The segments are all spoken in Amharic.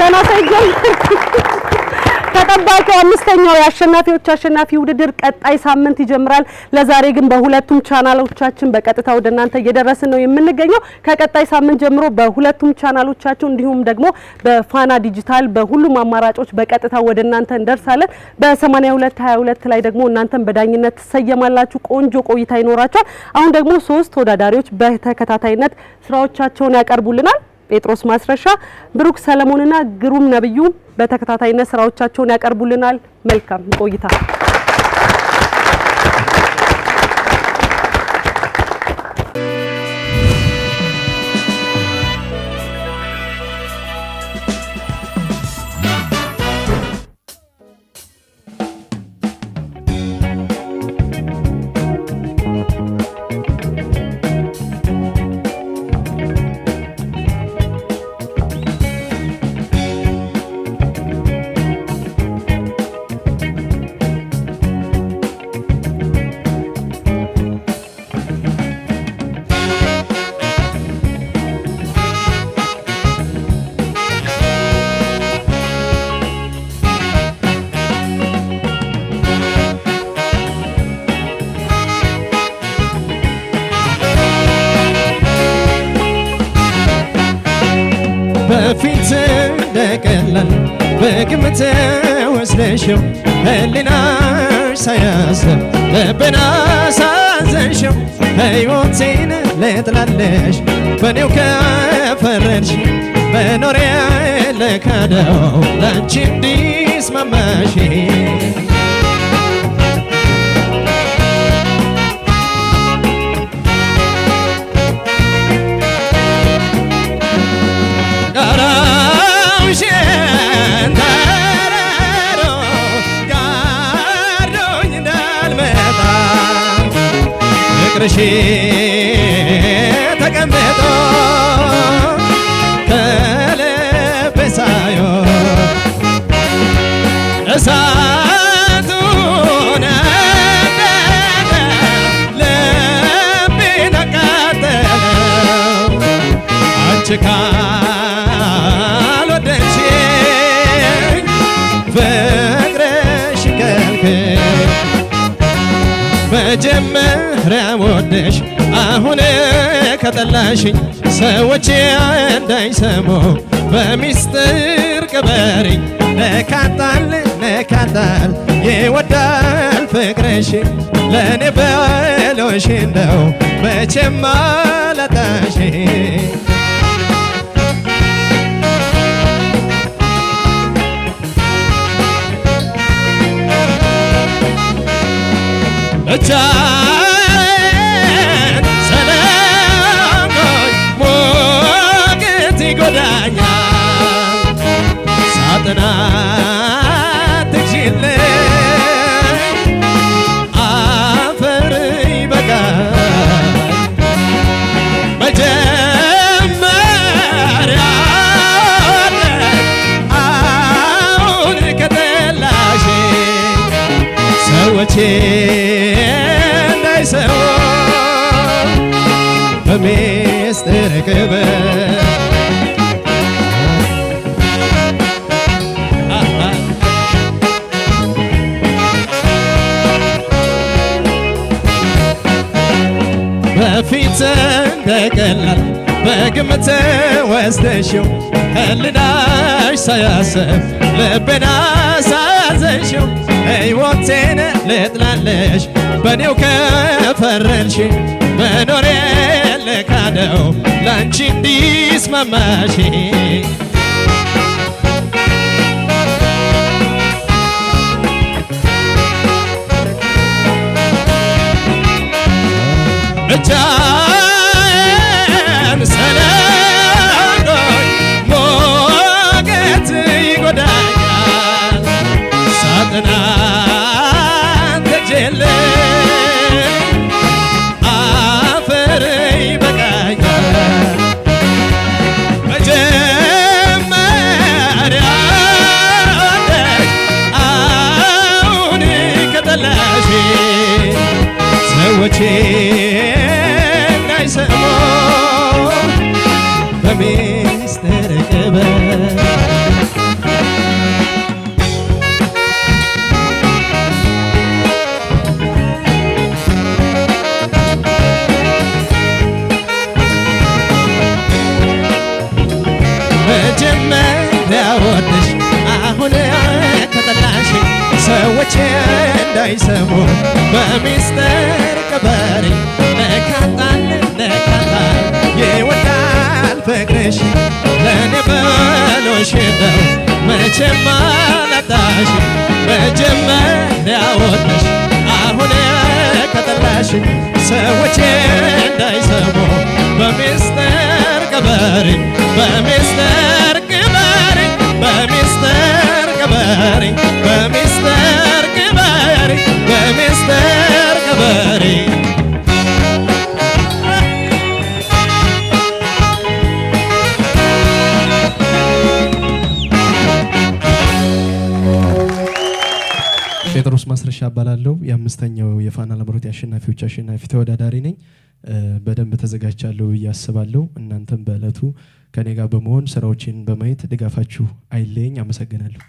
ገና ሳይጀምር ተጠባቂው አምስተኛው የአሸናፊዎች አሸናፊ ውድድር ቀጣይ ሳምንት ይጀምራል። ለዛሬ ግን በሁለቱም ቻናሎቻችን በቀጥታ ወደ እናንተ እየደረስን ነው የምንገኘው። ከቀጣይ ሳምንት ጀምሮ በሁለቱም ቻናሎቻችን እንዲሁም ደግሞ በፋና ዲጂታል በሁሉም አማራጮች በቀጥታ ወደ እናንተ እንደርሳለን። በ8222 ላይ ደግሞ እናንተን በዳኝነት ትሰየማላችሁ። ቆንጆ ቆይታ ይኖራቸዋል። አሁን ደግሞ ሶስት ተወዳዳሪዎች በተከታታይነት ስራዎቻቸውን ያቀርቡልናል። ጴጥሮስ ማስረሻ፣ ብሩክ ሰለሞንና ግሩም ነብዩ በተከታታይነት ስራዎቻቸውን ያቀርቡልናል። መልካም ቆይታ አግምተው ወስደሽው ህሊናሽ ሳያስብ ልቤን አሳዘንሽው ሕይወቴን ልጥላለሽ በኔው ከፈረድሽ መኖሪያ ለካደው ላንቺ እንዲስማማሽ você ነሽ አሁን ከጠላሽኝ ሰዎች እንዳይሰሙ በሚስጥር ቅበሪኝ ነካጣል ነካጣል ይወዳል ፍቅርሽ ለእኔ በሎሽ እንደው መቼም አላጣሽ እቻ ጽናት እጅለ አፈር ይበቃል መጀመሪያ አሁን ከጠላሽ ሰዎች እንዳይሰው በሚስጥር ክብር በፊት እንደቀላል በግምት ወስደሽው ህልናሽ ሳያሰብ ልቤን አሳዘንሽው ሕይወቴን ልጥላለሽ በኔው ከፈረንሽ መኖሬ ልካደው ላንቺ እንዲስማማሽ እጃን ሞገት ይጎዳኛል ሳጥናን ተግጄል አፈር ይበቃኛል መጀመሪያ አሁን ወዳጆቼ እንዳይሰሙ በሜ እንዳይሰሙ በሚስጥር ቅበሪ ነካታል ነካታል ይወዳል ፍቅርሽ ለእኔ በሎሽ ነው መቼም አላጣሽ መጀመሪያ ወጥሽ አሁን ከጠላሽ ሰዎች እንዳይሰሙ በሚስጥር ቅበሪ በሚስጥር ቅበሪ በሚስጥር ቅበሪ በሚስጥር እባላለሁ። የአምስተኛው የፋና ላምሮት የአሸናፊዎች አሸናፊ ተወዳዳሪ ነኝ። በደንብ ተዘጋጅቻለሁ ብዬ አስባለሁ። እናንተም በእለቱ ከኔ ጋር በመሆን ስራዎችን በማየት ድጋፋችሁ አይለየኝ። አመሰግናለሁ።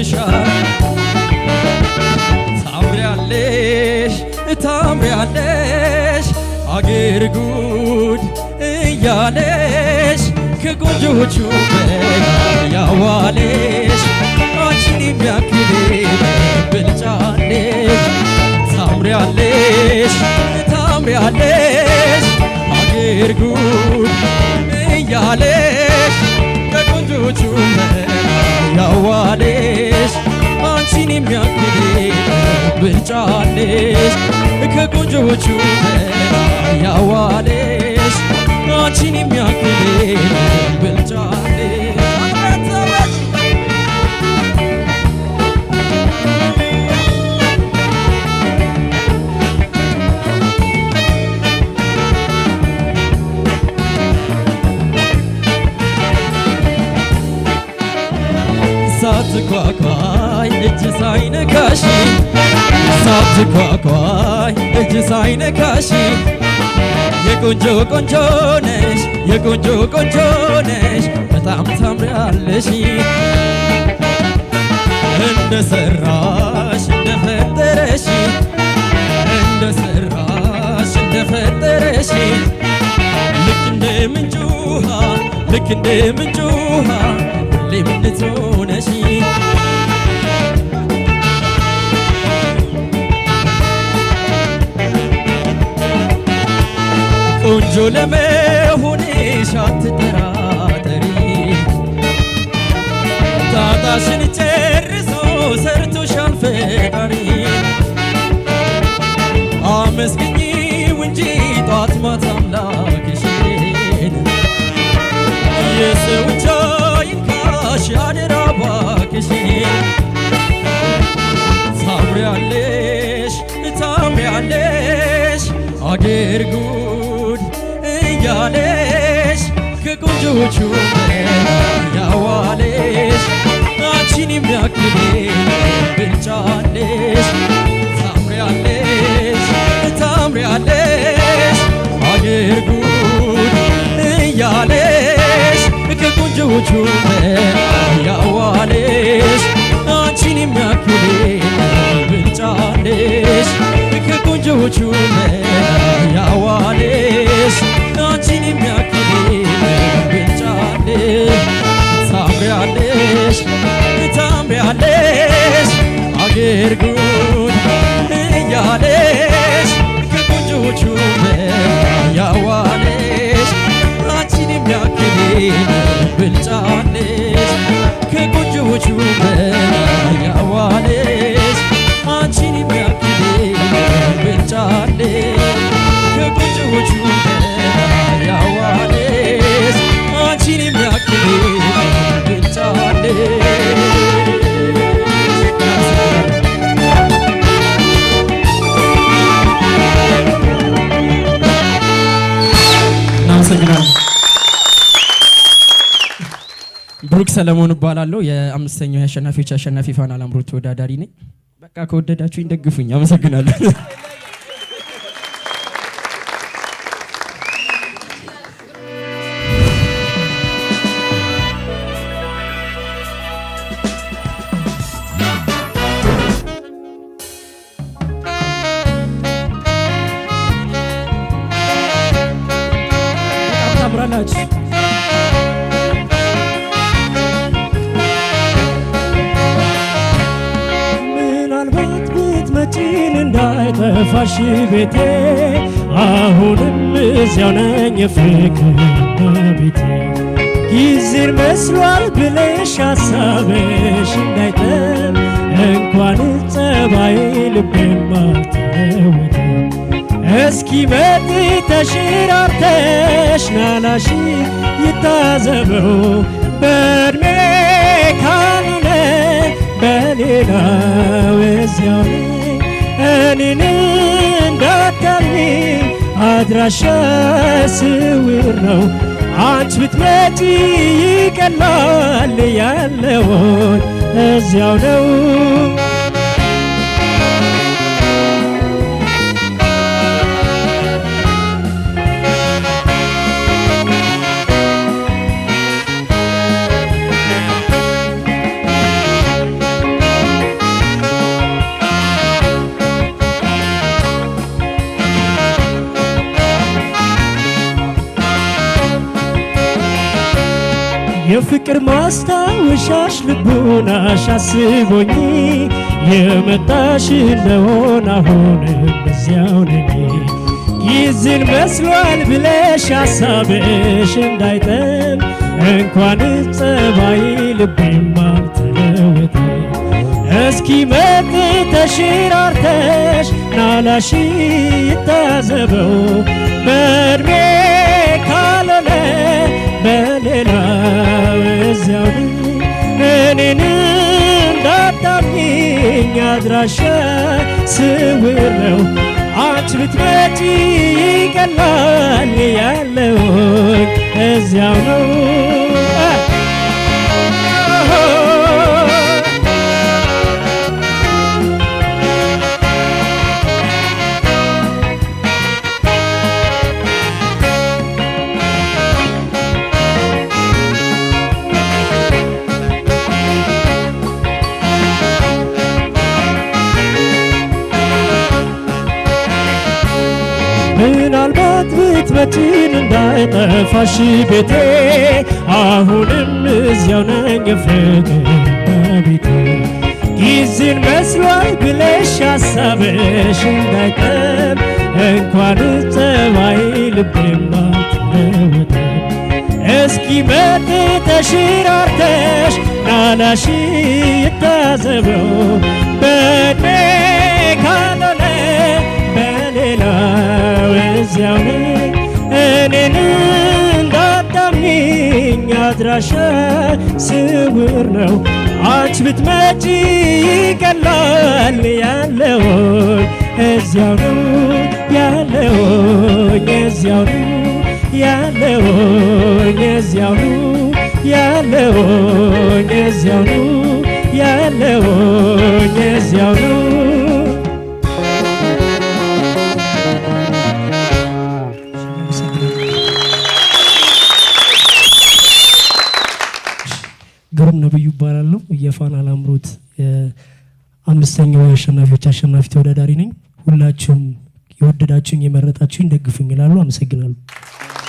ይሻል ታምሪያለሽ ታምሪያለሽ አገር ጉድ እያለሽ ከጎጆቹ ያዋለሽ አንቺን የሚያክል ብልጫለሽ ታምሪያለሽ ታምሪያለሽ የሚያክል ብልጫለሽ ከቆንጆቹ ያዋለሽ አንቺን የሚያክል ብልጫለሽ ሳትኳኳ ሳትኳኳይ እጅ ሳይነካሽ የቆንጆ ቆንጆ ነሽ የቆንጆ ቆንጆ ነሽ በጣም ታምሪያለሽ እንደ ሰራሽ እንደፈጠረሽ እንደ ሰራሽ እንደፈጠረሽ ልክ እንደ ምንጭ ውሃ ልክ እንደ ምንጭ ውሃ ሁሌም ንጹህ ቆንጆ ለመሆንሽ አትጠራጠሪ፣ ጣጣሽን ጨርሶ ሰርቶሻል ፈጣሪ። አመስግኚው እንጂ ጧት ማታ አምላክሽን፣ የሰው እጅ አደራ ታምሪያለሽ ታምሪያለሽ አገርጉ እያለሽ ከቆንጆቹ ያዋለሽ አንቺን የሚያክል ብልጫ አለሽ። ታምሪያለሽ ታምሪያለሽ አገር ጉድ እያለሽ ከቆንጆቹ ያዋለሽ አንቺን የሚያክል ብልጫ ከቆንጆቹ ያዋለሽ አንቺን የሚያክል ብቻለሽ ታምሪያለሽ ታምሪያለሽ አገርጉ ሰለሞን እባላለሁ። የአምስተኛው የአሸናፊዎች አሸናፊ ፋና ላምሮት ተወዳዳሪ ነኝ። በቃ ከወደዳችሁ ደግፉኝ። አመሰግናለሁ። ጠፋሽ ቤቴ አሁንም እዚያው ነኝ የፍቅር ጊዜን መስሏል ብለሽ ሀሳብሽ እንኳን ጸባዬ ልቤም እስኪ መጥ ተሽራርተሽ ናናሽ ይታዘበው በእድሜ በሌላው እዚያው እኔን እንዳታምኚ አድራሻ ስውር ነው። አንቺ ብትመጪ ይቀላል ያለውን እዚያው ነው የፍቅር ማስታወሻሽ ልቡናሽ አስቦኝ የመጣሽ እንደሆነ አሁን በዚያው ነኝ። ይዝን መስሏል ብለሽ ሀሳብሽ እንዳይጠም እንኳን ጸባይ ልቤም አልተለወጠ። እስኪ መጥ ተሽራርተሽ ናላሽ ይታዘበው በእድሜ ካልሆነ በሌላው እዚያው እኔን እንዳታጣኝ አድራሻ ስውር ነው። አንቺ ብትመጪ ይቀላል ያለውኝ እዚያው ነው በእሳት ብትመጪን እንዳይጠፋሽ ቤቴ አሁንም እዚያው ነኝ ፍቅር ቤቴ ጊዜን መስሏል ብለሽ ሀሳብሽ እንዳይጠብ እንኳን ጸባይ ልቤማ ተለወጠ እስኪ መጥ ተሽራርተሽ ናላሽ ይታዘበው በኔ አድራሻ ስውር ነው። አንቺ ብትመጪ ይቀላል ያለውን እዚያው ነው እዚያው ነው እዚያው ነው እዚያው እዚያው ነው ፋና ላምሮት የአምስተኛው የአሸናፊዎች አሸናፊ ተወዳዳሪ ነኝ። ሁላችሁም የወደዳችሁኝ የመረጣችሁኝ ደግፉኝ ይላሉ። አመሰግናለሁ።